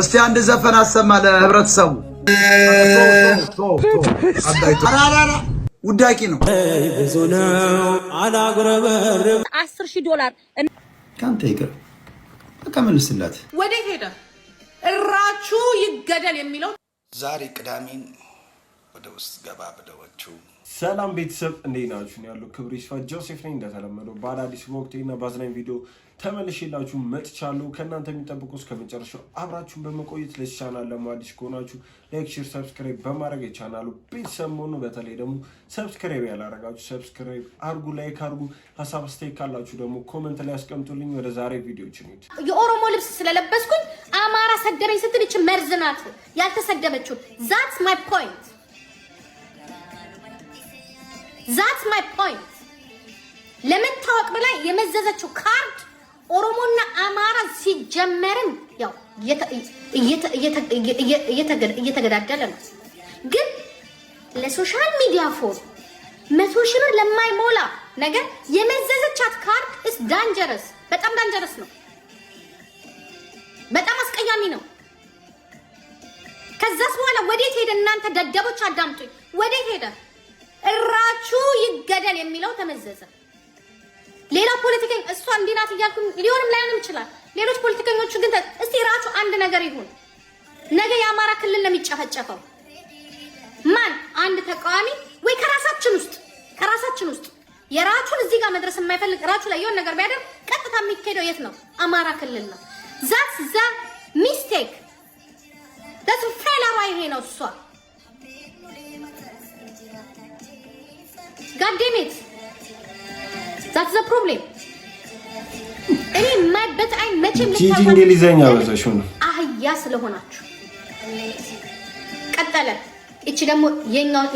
እስቲ አንድ ዘፈን አሰማ ለህብረተሰቡ። ውዳቂ ነው ብዙ ነው አላጉረበርም። አስር ሺህ ዶላር ከአንተ ይቅር በቃ መልስላት። ወዴት ሄደ? እራቹ ይገደል የሚለው ዛሬ ቅዳሜን ወደ ውስጥ ገባ ብለወችው። ሰላም ቤተሰብ እንዴት ናችሁ? ያለው ክብር ይስፋ ጆሴፍ ነኝ። እንደተለመደው በአዳዲስ ወቅቴና በአዝናኝ ቪዲዮ ተመልሼላችሁ መጥቻለሁ። ከእናንተ የሚጠብቁ እስከ መጨረሻው አብራችሁን በመቆየት ለዚህ ቻናል ደግሞ ከሆናችሁ ላይክ፣ ሼር፣ ሰብስክራይብ በማድረግ የቻናሉ ቤተሰብ መሆኑ በተለይ ደግሞ ሰብስክራይብ ያላረጋችሁ ሰብስክራይብ አርጉ፣ ላይክ አርጉ። ሀሳብ አስተያየት ካላችሁ ደግሞ ኮመንት ላይ ያስቀምጡልኝ። ወደ ዛሬ ቪዲዮ ነ የኦሮሞ ልብስ ስለለበስኩኝ አማራ ሰደበኝ ስትል ይች መርዝ ናት ያልተሰደበችው። ዛትስ ማይ ፖይንት ዛትስ ማይ ፖይንት ለመታወቅ ብላይ የመዘዘችው ካርድ ኦሮሞና አማራ ሲጀመርም ያው እየተገዳደለ ነው። ግን ለሶሻል ሚዲያ ፎር መቶ ሺህ ብር ለማይሞላ ነገር የመዘዘቻት ካርድ እስ ዳንጀረስ በጣም ዳንጀረስ ነው። በጣም አስቀያሚ ነው። ከዛስ በኋላ ወዴት ሄደ? እናንተ ደደቦች አዳምጡኝ። ወዴት ሄደ? እራቹ ይገደል የሚለው ተመዘዘ። ሌላ ፖለቲከኛ እሷ እንዲህ ናት እያልኩ ሊሆንም ላይሆንም ይችላል። ሌሎች ፖለቲከኞቹ ግን እስቲ ራሱ አንድ ነገር ይሁን። ነገ የአማራ ክልል ነው የሚጨፈጨፈው። ማን አንድ ተቃዋሚ ወይ ከራሳችን ውስጥ ከራሳችን ውስጥ የራቹን እዚህ ጋር መድረስ የማይፈልግ ራቹ ላይ የሆነ ነገር ቢያደርግ ቀጥታ የሚካሄደው የት ነው? አማራ ክልል ነው። ዛት ዘ ሚስቴክ ዳትስ ፌላሯ ይሄ ነው እሷ ጋዴሜት ዛት ዘ ፕሮብሌም። እኔ የማይበት አይን መቼም ልታውቁ እንግሊዘኛ ወዘሹ ነው አህያ ስለሆናችሁ። ቀጠለ። እቺ ደግሞ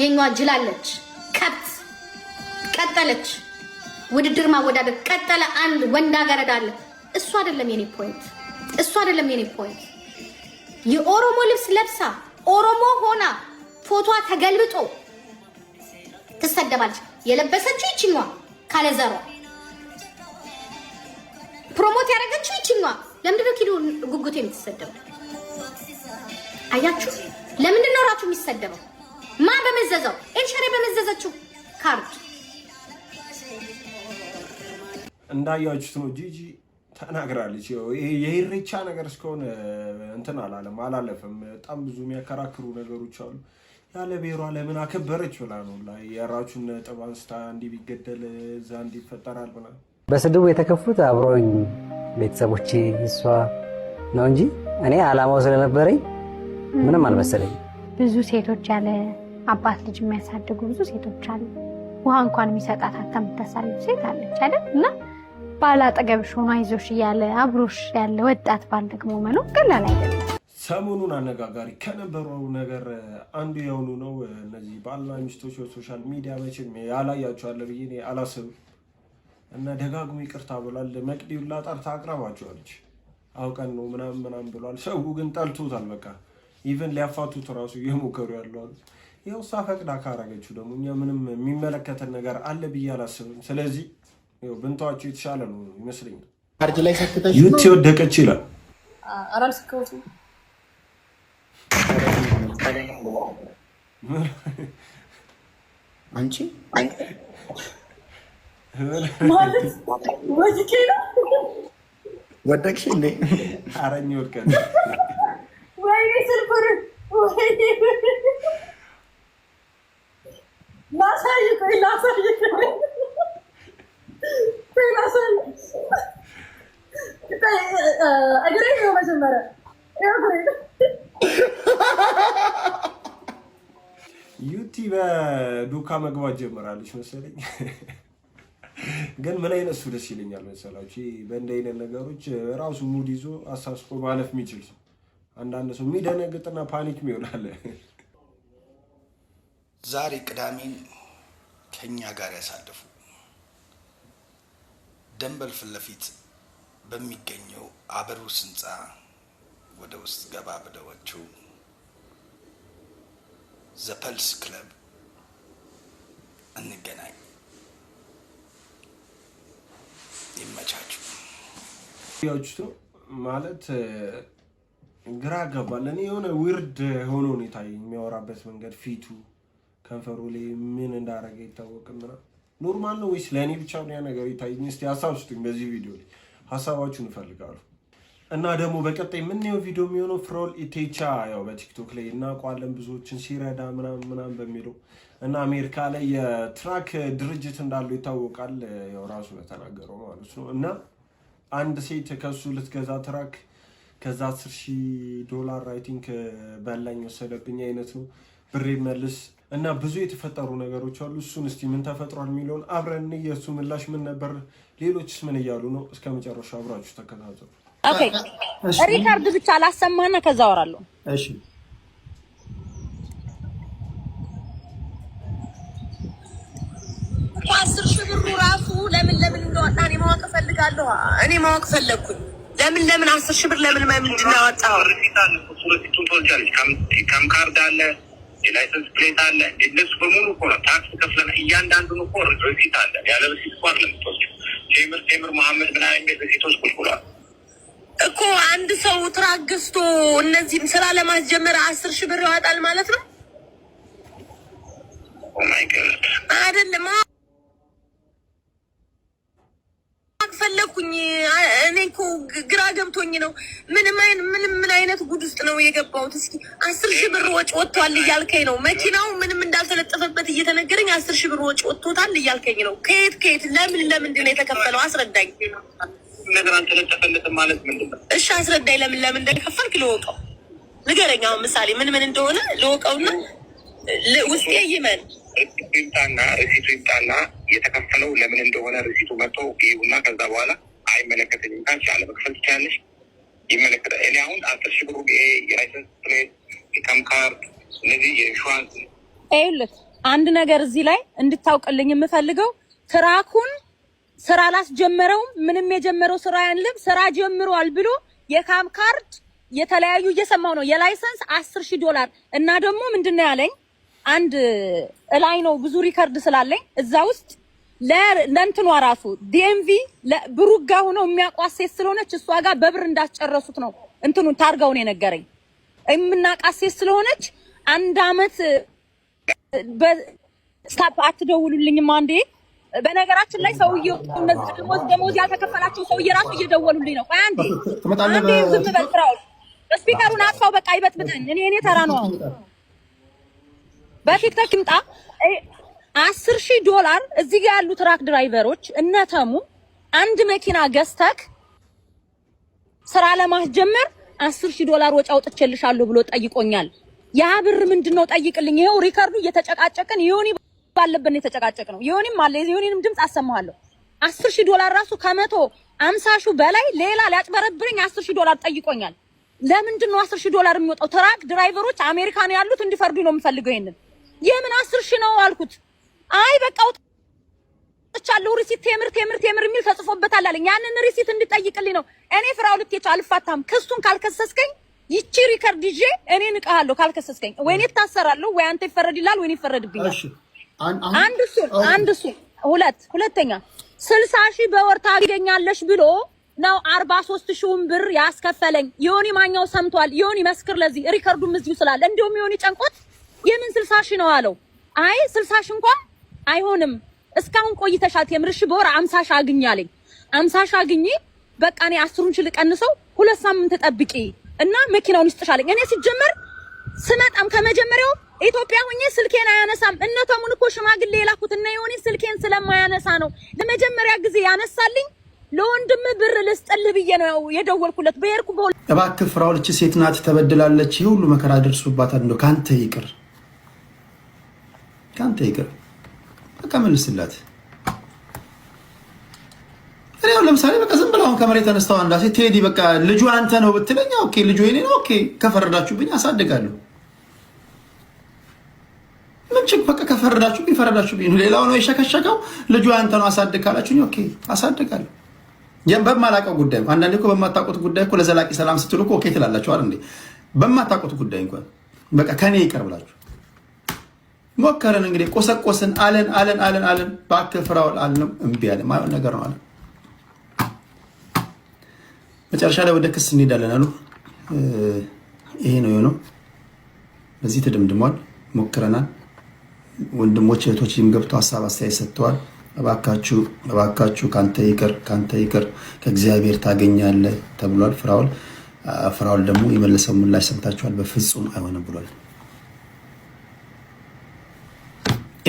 የኛዋ ጅላለች ከብት ቀጠለች። ውድድር ማወዳደር ቀጠለ። አንድ ወንዳ ገረዳለ። እሱ አይደለም የኔ ፖይንት፣ እሱ አይደለም የኔ ፖይንት። የኦሮሞ ልብስ ለብሳ ኦሮሞ ሆና ፎቷ ተገልብጦ ትሰደባለች። የለበሰችው ይችኛዋ ካለዘሯ ፕሮሞት ያደረገችው ይችኛ። ለምንድነው ኪዱ ጉጉት የምትሰደበው? አያችሁ፣ ለምንድን ነው እራችሁ የሚሰደበው? ማን በመዘዘው? ኤልሸሬ በመዘዘችው ካርድ እንዳያችሁት ነው። ጂጂ ተናግራለች። የኢሬቻ ነገር እስከሆነ እንትን አላለም አላለፈም። በጣም ብዙ የሚያከራክሩ ነገሮች አሉ። ያለ ብሔሯ ለምን አከበረች ብላ ነው የራቹን ነጥብ አንስታ እንዲህ ቢገደል እዛ እንዲህ ይፈጠራል ብላ በስድቡ የተከፉት አብረውኝ ቤተሰቦቼ እሷ ነው እንጂ እኔ አላማው ስለነበረኝ ምንም አልመሰለኝ። ብዙ ሴቶች ያለ አባት ልጅ የሚያሳድጉ ብዙ ሴቶች አሉ። ውሃ እንኳን የሚሰጣት አታ ሴት አለች አይደል? እና ባል አጠገብሽ ሆኖ አይዞሽ እያለ አብሮሽ ያለ ወጣት ባል ደግሞ መኖር ቀላል አይደለም። ሰሞኑን አነጋጋሪ ከነበረው ነገር አንዱ የሆኑ ነው። እነዚህ ባልና ሚስቶች ሶሻል ሚዲያ መቼም ያላያቸዋለ ብዬ አላስብ እና ደጋግሞ ይቅርታ ብሏል። መቅዲላ ጠርታ አቅርባቸዋለች አውቀን ነው ምናምን ምናምን ብሏል። ሰው ግን ጠልቶታል። በቃ ኢቨን ሊያፋቱት ራሱ እየሞከሩ ያለዋል። ያው እሷ ፈቅዳ ካረገችው ደግሞ እኛ ምንም የሚመለከተን ነገር አለ ብዬ አላስብም። ስለዚህ ብንተዋቸው የተሻለ ነው ይመስለኛል። ዩት የወደቀች ይላል አንቺ ወደቅሽ እንዴ? አረኝ ወድቀ እግሬ ነው መጀመሪያ ዩቲ በዱካ መግባት ጀምራለች መሰለኝ። ግን ምን አይነት እሱ ደስ ይለኛል መሰላችሁ። በእንደ አይነት ነገሮች ራሱ ሙድ ይዞ አሳስቆ ማለፍ የሚችል ሰው አንዳንድ ሰው የሚደነግጥና ፓኒክ ይሆናል። ዛሬ ቅዳሜን ከኛ ጋር ያሳልፉ ደንበል ፊት ለፊት በሚገኘው አበሩስ ህንፃ ወደ ውስጥ ገባ ብለዎችው ዘፐልስ ክለብ እንገናኝ። ይመቻችሁ። ያችቶ ማለት ግራ ገባል። እኔ የሆነ ዊርድ ሆኖ ነው የሚያወራበት መንገድ፣ ፊቱ፣ ከንፈሩ ላይ ምን እንዳደረገ ይታወቅም። ኖርማል ነው ወይስ ለእኔ ብቻ ያ ነገር ይታየኝ? እስኪ ሀሳብ ስጡኝ። በዚህ ቪዲዮ ላይ ሀሳባችሁን እፈልጋለሁ። እና ደግሞ በቀጣይ የምናየው ቪዲዮ የሚሆነው ፍሮል ኢቴቻ ያው በቲክቶክ ላይ እናውቀዋለን ብዙዎችን ሲረዳ ምናምን ምናምን በሚለው እና አሜሪካ ላይ የትራክ ድርጅት እንዳለው ይታወቃል። ያው ራሱ በተናገረው ማለት ነው። እና አንድ ሴት ከሱ ልትገዛ ትራክ ከዛ አስር ሺህ ዶላር አይ ቲንክ በላኝ ወሰደብኝ አይነት ነው ብሬ መልስ እና ብዙ የተፈጠሩ ነገሮች አሉ። እሱን እስቲ ምን ተፈጥሯል የሚለውን አብረን የእሱ ምላሽ ምን ነበር፣ ሌሎችስ ምን እያሉ ነው? እስከ መጨረሻ አብራችሁ ተከታተሉ። ኦኬ ሪካርድ ብቻ ላሰማህና ከዛ አወራለሁ። እሺ ከአስር ሺህ ብሩ ራሱ ለምን ለምን እንደወጣ እኔ ማወቅ እፈልጋለሁ። እኔ ማወቅ ፈለግኩኝ። ለምን ለምን አስር ሺህ ብር ለምን ምንድን ነው ያወጣው? ከም ካርድ አለ፣ የላይሰንስ ፕሌት አለ። እንደሱ በሙሉ እኮ ነው ታክስ ከፍለን እያንዳንዱ እኮ ሪሲት አለ። ያለ ሪሲት እኮ ለምትወስድ ቴምር ቴምር መሐመድ ምናምን ቤት ሪሲቶች ቁልቁሏል እኮ አንድ ሰው ትራክ ገዝቶ እነዚህም ስራ ለማስጀመር አስር ሺህ ብር ያወጣል ማለት ነው oh አይደለም? ፈለግኩኝ እኔ እኮ ግራ ገብቶኝ ነው። ምንም ምንም ምን አይነት ጉድ ውስጥ ነው የገባሁት? እስኪ አስር ሺህ ብር ወጪ ወጥቷል እያልከኝ ነው። መኪናው ምንም እንዳልተለጠፈበት እየተነገረኝ አስር ሺህ ብር ወጪ ወጥቶታል እያልከኝ ነው። ከየት ከየት ለምን ለምንድን ነው የተከፈለው? አስረዳኝ። ነገር አልተለጠፈለትም ማለት ምንድን ነው? እሺ አስረዳኝ። ለምን ለምን እንደከፈልክ ልወቀው፣ ንገረኛው። ምሳሌ ምን ምን እንደሆነ ልወቀውና ውስጤ ይመን ይምጣና ሪሲቱ ይምጣና የተከፈለው ለምን እንደሆነ ሪሲቱ መጥቶ ይሁና። ከዛ በኋላ አይመለከተኝም ካልሽ አለመክፈል ትችያለሽ። ይመለከተ እኔ አሁን አስር ሺ ብሩ የላይሰንስ ፕሌት፣ የካም ካርድ፣ እነዚህ የኢንሹራንስ ይኸውልህ አንድ ነገር እዚህ ላይ እንድታውቅልኝ የምፈልገው ትራኩን ስራ አላስጀመረውም። ምንም የጀመረው ስራ ያንልም ስራ ጀምሯል ብሎ የካም ካርድ የተለያዩ እየሰማው ነው። የላይሰንስ አስር ሺህ ዶላር እና ደግሞ ምንድነው ያለኝ አንድ እላይ ነው ብዙ ሪከርድ ስላለኝ እዛ ውስጥ ለእንትኗ ራሱ ዲኤምቪ ብሩጋ ሆነው የሚያውቋት ሴት ስለሆነች እሷ ጋር በብር እንዳስጨረሱት ነው እንትኑን ታርጋውን የነገረኝ። የምናውቃት ሴት ስለሆነች አንድ አመት በስታፕ አትደውሉልኝም አንዴ በነገራችን ላይ ሰውዬው እነዚህ ደሞዝ ደሞዝ ያልተከፈላቸው ሰውዬ ራሱ እየደወሉልኝ ነው። ቆይ አንዴ አንዴ ዝም በል ስራውን ስፒከሩን አጥፋው። በቃ ይበጥብጥን። እኔ እኔ ተራ ነው። አሁን በቲክቶክ ይምጣ። አስር ሺህ ዶላር እዚህ ጋር ያሉ ትራክ ድራይቨሮች እነተሙ አንድ መኪና ገዝተክ ስራ ለማስጀመር አስር ሺህ ዶላር ወጪ አውጥቼልሻለሁ ብሎ ጠይቆኛል። ያ ብር ምንድን ነው? ጠይቅልኝ። ይኸው ሪከርዱ እየተጨቃጨቅን ይሁን ባለበት ነው የተጨቃጨቅ ነው። ይሁንም አለ ይሁንንም ድምፅ አሰማሃለሁ። አስር ሺህ ዶላር ራሱ ከመቶ አምሳ ሺህ በላይ ሌላ ሊያጭበረብረኝ አስር ሺህ ዶላር ጠይቆኛል። ለምንድን ነው አስር ሺህ ዶላር የሚወጣው? ትራክ ድራይቨሮች አሜሪካ ነው ያሉት እንዲፈርዱ ነው የምፈልገው። ይሄንን የምን አስር ሺህ ነው አልኩት። አይ በቃ ወጥቻለሁ ሪሲት ቴምር ቴምር ቴምር የሚል ተጽፎበታል አለኝ። ያንን ሪሲት እንድጠይቅልኝ ነው። እኔ ፍራው ልትየቻ አልፋታም። ክሱን ካልከሰስከኝ ይቺ ሪከርድ ይዤ እኔ ንቀሃለሁ። ካልከሰስከኝ ወይኔ እኔ ወይ አንተ ይፈረድልሃል ወይ እኔ ይፈረድብኛል። አንድ እሱ አንድ እሱ ሁለት ሁለተኛ ስልሳ ሺህ በወር ታገኛለሽ ብሎ ነው አርባ ሶስት ሺውን ብር ያስከፈለኝ። ዮኒ ማኛው ሰምቷል። ዮኒ መስክር ለዚህ ሪከርዱም እዚሁ ስላለ እንዲሁም ዮኒ ጨንቆት የምን ስልሳ ሺህ ነው አለው። አይ ስልሳ ሺህ እንኳን አይሆንም እስካሁን ቆይተሻት የምርሽ በወር አምሳ ሺህ አግኛለኝ አለኝ። አምሳ ሺህ አግኝ በቃ እኔ አስሩን ሺህ ቀንሰው ሁለት ሳምንት ጠብቂ እና መኪናውን ይስጥሻለኝ። እኔ ሲጀመር ስመጣም ከመጀመሪያው ኢትዮጵያ ሁኜ ስልኬን አያነሳም። እነ ተሙን እኮ ሽማግሌ የላኩት እና የሆነ ስልኬን ስለማያነሳ ነው። ለመጀመሪያ ጊዜ ያነሳልኝ ለወንድም ብር ልስጥልህ ብዬ ነው የደወልኩለት። በየርኩ በሆ እባክህ ፍራውልች ልች ሴት ናት ተበድላለች፣ ይህ ሁሉ መከራ ደርሶባታል። እንደው ከአንተ ይቅር ከአንተ ይቅር በቃ መልስላት። እኔ አሁን ለምሳሌ በቃ ዝም ብለህ አሁን ከመሬት ተነስተው አንዳ ሴት ቴዲ በቃ ልጁ አንተ ነው ብትለኝ፣ ኦኬ ልጁ የኔ ነው ኦኬ፣ ከፈረዳችሁብኝ አሳድጋለሁ ምን ችግር በቃ ከፈረዳችሁ ግን ፈረዳችሁ ብ ሌላው ነው የሸከሸከው። ልጁ አንተ ነው አሳድግ ካላችሁ ኦኬ አሳድጋለሁ። በማላውቀው ጉዳይ አንዳንዴ እኮ በማታውቁት ጉዳይ እኮ ለዘላቂ ሰላም ስትሉ እኮ ኦኬ ትላላችሁ አይደል እንዴ? በማታውቁት ጉዳይ እንኳን በቃ ከኔ ይቅር ብላችሁ ሞከርን እንግዲህ ቆሰቆስን፣ አለን አለን አለን አለን እባክህ ፍራውል አልንም፣ እምቢ አለ ማለት ነገር ነው አለ። መጨረሻ ላይ ወደ ክስ እንሄዳለን አሉ። ይሄ ነው የሆነው። በዚህ ተደምድሟል። ሞክረናል ወንድሞች እህቶችም ገብተው ሀሳብ አስተያየት ሰጥተዋል። እባካችሁ እባካችሁ ከአንተ ይቅር ከአንተ ይቅር ከእግዚአብሔር ታገኛለህ ተብሏል። ፍራውል ፍራውል ደግሞ የመለሰው ምላሽ ሰምታችኋል። በፍጹም አይሆንም ብሏል።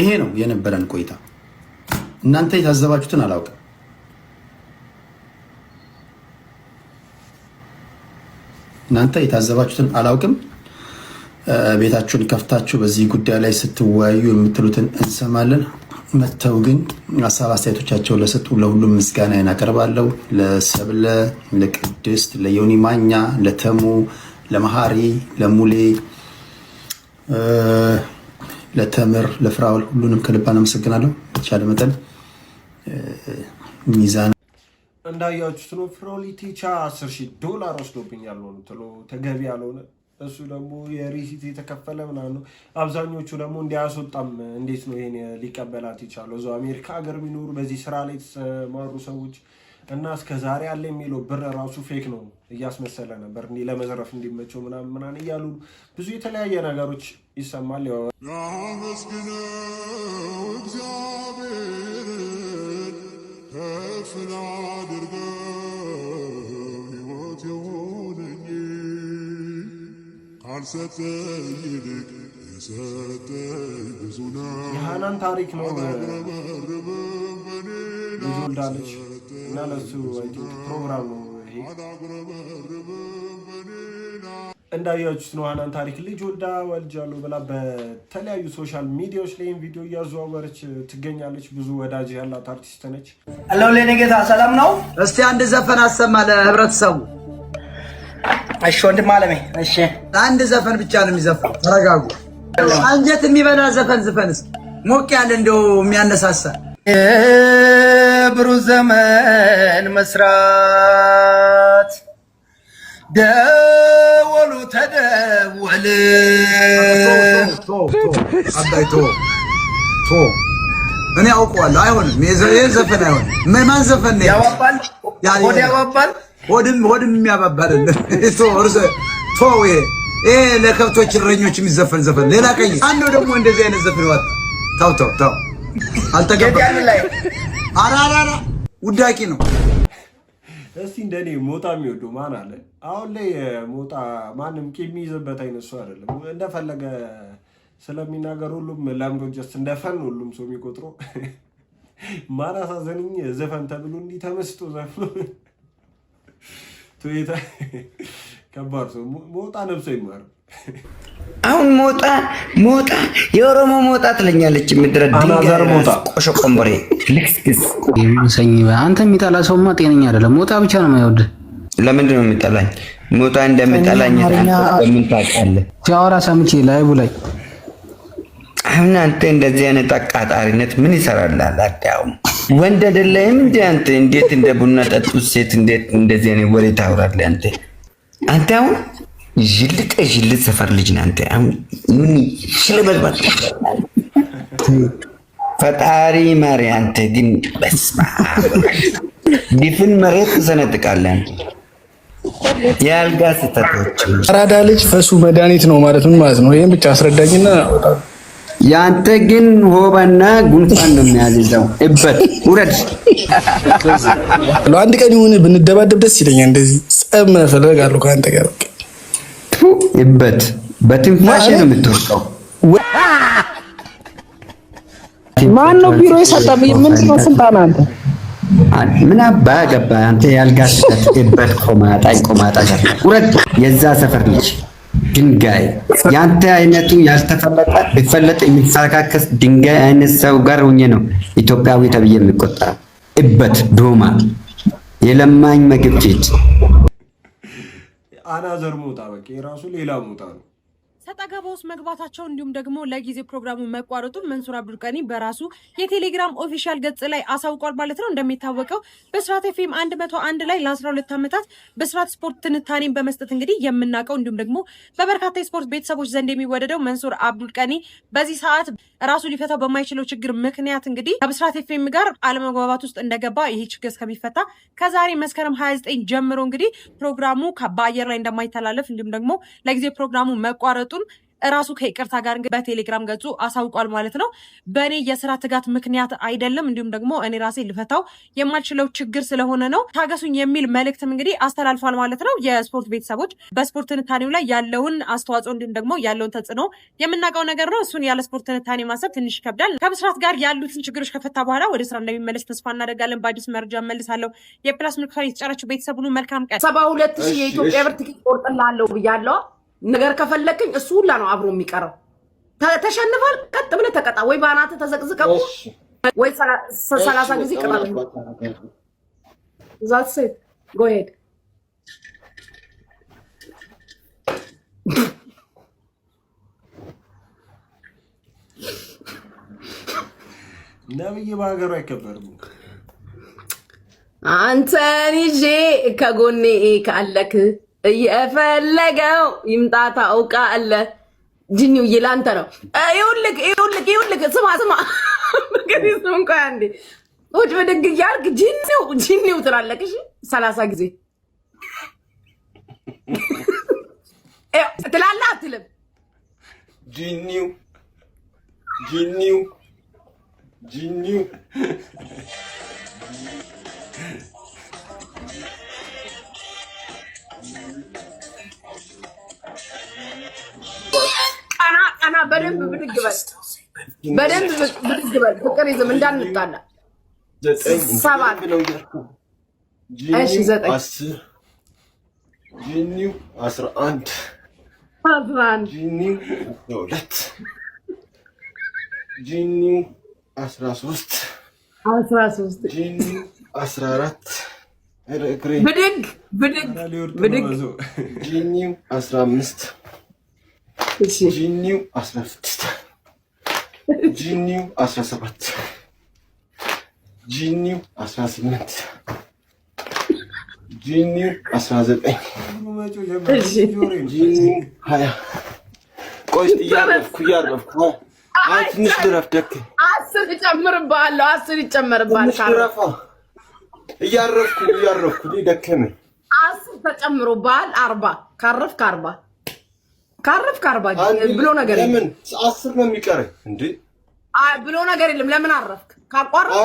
ይሄ ነው የነበረን ቆይታ። እናንተ የታዘባችሁትን አላውቅም። እናንተ የታዘባችሁትን አላውቅም። ቤታችሁን ከፍታችሁ በዚህ ጉዳይ ላይ ስትወያዩ የምትሉትን እንሰማለን። መጥተው ግን ሀሳብ አስተያየቶቻቸው ለሰጡ ለሁሉም ምስጋና እናቀርባለሁ። ለሰብለ፣ ለቅድስት፣ ለዮኒ ማኛ፣ ለተሙ፣ ለመሀሪ፣ ለሙሌ፣ ለተምር፣ ለፍራውል ሁሉንም ከልባ እናመሰግናለሁ። በተቻለ መጠን ሚዛን እንዳያችሁት ነው። ፍራውል ቴቻ አስር ሺህ ዶላር ወስዶብኛል ሆኑ ትሎ ተገቢ ያልሆነ እሱ ደግሞ የሪሲት የተከፈለ ምናምን ነው። አብዛኞቹ ደግሞ እንዲያስወጣም እንዴት ነው ይሄን ሊቀበላት ይቻሉ? እዛው አሜሪካ ሀገር የሚኖሩ በዚህ ስራ ላይ የተሰማሩ ሰዎች እና እስከ ዛሬ አለ የሚለው ብር ራሱ ፌክ ነው እያስመሰለ ነበር እንዲህ ለመዝረፍ እንዲመቸው ምናምን ምናምን እያሉ ብዙ የተለያየ ነገሮች ይሰማል። ያመስግነው እግዚአብሔር ከፍላ አድርገው ካልሰጠኝ ይልቅ የሰጠኝ ብዙ ነው። የሃናን ታሪክ ነው ብዙ እንዳለች እና ለሱ ፕሮግራም ነው እንዳያችሁት ነው። ሃናን ታሪክ ልጅ ወልዳ ወልጃሉ ብላ በተለያዩ ሶሻል ሚዲያዎች ላይም ቪዲዮ እያዘዋወረች ትገኛለች። ብዙ ወዳጅ ያላት አርቲስት ነች። አለው እኔ ጌታ ሰላም ነው። እስቲ አንድ ዘፈን አሰማ ለህብረተሰቡ እሺ ወንድም አለሜ፣ እሺ አንድ ዘፈን ብቻ ነው የሚዘፈን። ተረጋጉ። አንጀት የሚበላ ዘፈን ዝፈን ሞቅ ያለ እንደው የሚያነሳሳ የብሩህ ዘመን መስራት ደወሉ ተደወል አባይቶ ቶ እኔ አውቀዋለሁ። አይሆንም፣ ይሄ ዘፈን አይሆንም። ማን ዘፈን ነው ያባባል? ሆድም ሆድም የሚያባባልልን ቶ ይሄ ለከብቶች እረኞች የሚዘፈን ዘፈን ሌላ ቀይ አንደው ደግሞ እንደዚህ አይነት ዘፈን ይዋል። ተው ተው ተው፣ አልተገባም። አራራራ ውዳቂ ነው። እስቲ እንደኔ ሞጣ የሚወደው ማን አለ? አሁን ላይ ሞጣ ማንም ቂም የሚይዝበት አይነት ሰው አይደለም። እንደፈለገ ስለሚናገር ሁሉም ላምዶ ጀስት እንደፈን ሁሉም ሰው የሚቆጥሮ ማን አሳዘንኝ ዘፈን ተብሎ እንዲህ ተመስጦ ዘፍኖ ቱዌታ ከባድ ሰው ሞጣ ነብሶ ይማር። አሁን ሞጣ ሞጣ የኦሮሞ ሞጣ ትለኛለች። የምድረድር ሞጣ ቆሾ ቆንበሬ ልክስክስ ሰኝ አንተ የሚጠላ ሰውማ ጤነኛ አይደለም። ሞጣ ብቻ ነው የማይወድ። ለምንድን ነው የሚጠላኝ? ሞጣ እንደምጠላኝ ምን ታውቃለህ? ሲያወራ ሰምቼ ላይቡ ላይ አሁን አንተ እንደዚህ አይነት አቃጣሪነት ምን ይሰራላል? አዳውም ወንድ አይደለህም እንዴ አንተ? እንዴት እንደ ቡና ጠጡ ሴት እንዴት እንደዚህ አይነት ወሬ ታውራለህ አንተ? አንተ አሁን ዥልጥ ዥልጥ ሰፈር ልጅ ነህ አንተ። አሁን ምን ሽለበልባት ፈጣሪ ማሪ። አንተ ግን በስመ አብ ድፍን መሬት ትሰነጥቃለህ አንተ። የአልጋ ስህተቶች አራዳ ልጅ ፈሱ መድኃኒት ነው ማለት ምን ማለት ነው? ይህም ብቻ አስረዳኝና ያንተ ግን ሆባና ጉንፋን ነው የሚያዘው። እበት ውረድ። አንድ ቀን ይሁን ብንደባደብ ደስ ይለኛል። እንደዚህ ጸብ መፈለግ አሉ ከአንተ ጋር እበት በትንፋሽ ነው የምትወጣው። ማን ነው ቢሮ የሰጠም? ምንድን ነው ስልጣን? አንተ ምን አባ ገባህ አንተ? ያልጋ ስጠት እበት ቆማጣ ቆማጣ ውረድ። የዛ ሰፈር ልጅ ድንጋይ ያንተ አይነቱ ያልተፈለጠ ቢፈለጥ የሚፈረካከስ ድንጋይ አይነት ሰው ጋር ሆኜ ነው ኢትዮጵያዊ ተብዬ የሚቆጠረው። እበት ዶማ የለማኝ ምግብ ፊት አናዘር ሞታ በቃ የራሱ ሌላ ሞታ ነው። ሰጠገባ ውስጥ መግባታቸው እንዲሁም ደግሞ ለጊዜ ፕሮግራሙ መቋረጡን መንሱር አብዱልቀኒ በራሱ የቴሌግራም ኦፊሻል ገጽ ላይ አሳውቋል ማለት ነው። እንደሚታወቀው በስራት ኤፍኤም 101 ላይ ለ12 ዓመታት በስራት ስፖርት ትንታኔን በመስጠት እንግዲህ የምናውቀው እንዲሁም ደግሞ በበርካታ የስፖርት ቤተሰቦች ዘንድ የሚወደደው መንሱር አብዱልቀኒ በዚህ ሰዓት ራሱ ሊፈታው በማይችለው ችግር ምክንያት እንግዲህ ከብስራት ኤፍኤም ጋር አለመግባባት ውስጥ እንደገባ ይህ ችግር እስከሚፈታ ከዛሬ መስከረም 29 ጀምሮ እንግዲህ ፕሮግራሙ በአየር ላይ እንደማይተላለፍ እንዲሁም ደግሞ ለጊዜ ፕሮግራሙ መቋረጡ ምክንያቱም ራሱ ከይቅርታ ጋር በቴሌግራም ገጹ አሳውቋል ማለት ነው። በእኔ የስራ ትጋት ምክንያት አይደለም፣ እንዲሁም ደግሞ እኔ ራሴ ልፈታው የማልችለው ችግር ስለሆነ ነው፣ ታገሱኝ የሚል መልእክትም እንግዲህ አስተላልፏል ማለት ነው። የስፖርት ቤተሰቦች በስፖርት ትንታኔው ላይ ያለውን አስተዋጽኦ እንዲሁም ደግሞ ያለውን ተጽዕኖ የምናውቀው ነገር ነው። እሱን ያለ ስፖርት ትንታኔ ማሰብ ትንሽ ይከብዳል። ከምስራት ጋር ያሉትን ችግሮች ከፈታ በኋላ ወደ ስራ እንደሚመለስ ተስፋ እናደርጋለን። በአዲስ መረጃ መልሳለሁ። የፕላስ ምልክቷ የተጫረችው ቤተሰብ መልካም ቀን። ሰባ ሁለት ሺህ የኢትዮጵያ ብር ትኬት ቆርጥላለሁ ብያለሁ። ነገር ከፈለክኝ እሱ ሁላ ነው አብሮ የሚቀረው። ተሸንፋል፣ ቀጥ ብለህ ተቀጣ። ወይ በአናተ ተዘቅዝቀው ወይ ሰላሳ ጊዜ ቅጣት። ዛት ሴት ጎሄድ ነብይ በሀገሩ አይከበርም። አንተን ይዤ ከጎኔ ካለክ የፈለገው ይምጣታ አውቃ አለ ጅኒው ይላንተ ነው። ይኸውልህ ይኸውልህ ይኸውልህ ስማ ስማ ከዚህ እንኳ አንዴ ቁጭ ብድግ እያልክ ጅኒው ጅኒው ትላለህ። እሺ ሰላሳ ጊዜ ትላለ አትልም? ጅኒው ጅኒው ጅኒው ቀና በደንብ ብድግ በል፣ በደንብ ብድግ በል። ፍቅር ይዝም እንዳንጣላ። ሰባት እሺ፣ ዘጠኝ ጂኒው አስራ አንድ አስራ ጂኒው ሁለት ጂኒው አስራ ሶስት አስራ ሶስት ጂኒው አስራ አራት ብድግ ብድግ ብድግ ጂኒው አስራ አምስት ጂኒው አስራ ስድስት ጂኒው አስራ ሰባት ጂኒው አስራ ስምንት ጂኒው አስራ ዘጠኝ ጂኒው ሀያ ቆይ እያረፍኩ እያረፍኩ ትንሽ ልረፍ። ደክ አስር እጨምርብሃለሁ። አስር ይጨመርብሃል። ረፋ እያረፍኩ እያረፍኩ ደከመኝ። አስር ተጨምሮብሃል። አርባ ካረፍክ አርባ ካረፍ ካርባ ብሎ ነገር ለምን አስር ነው የሚቀረኝ እንዴ? ብሎ ነገር የለም። ለምን አረፍክ? ካቋረጥ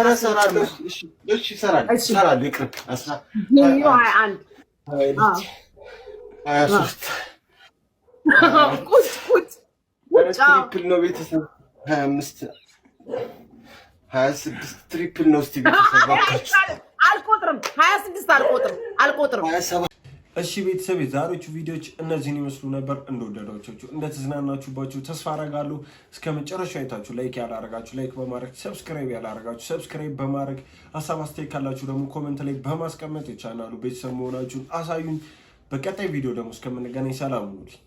ትሪፕል ነው ቤተሰብ ሀያ አምስት ሀያ ስድስት ትሪፕል ነው። እስቲ ቤተሰብ አልቆጥርም። ሀያ ስድስት አልቆጥርም አልቆጥርም እሺ ቤተሰብ የዛሬዎቹ ቪዲዮዎች እነዚህን ይመስሉ ነበር። እንደወደዳችሁ እንደተዝናናችሁባችሁ ተስፋ አረጋለሁ። እስከ መጨረሻ አይታችሁ ላይክ ያላረጋችሁ ላይክ በማድረግ ሰብስክራይብ ያላረጋችሁ ሰብስክራይብ በማድረግ ሀሳብ አስተያየት ካላችሁ ደግሞ ኮመንት ላይ በማስቀመጥ የቻናሉ ቤተሰብ መሆናችሁን አሳዩኝ። በቀጣይ ቪዲዮ ደግሞ እስከምንገናኝ ሰላም ሁኑልኝ።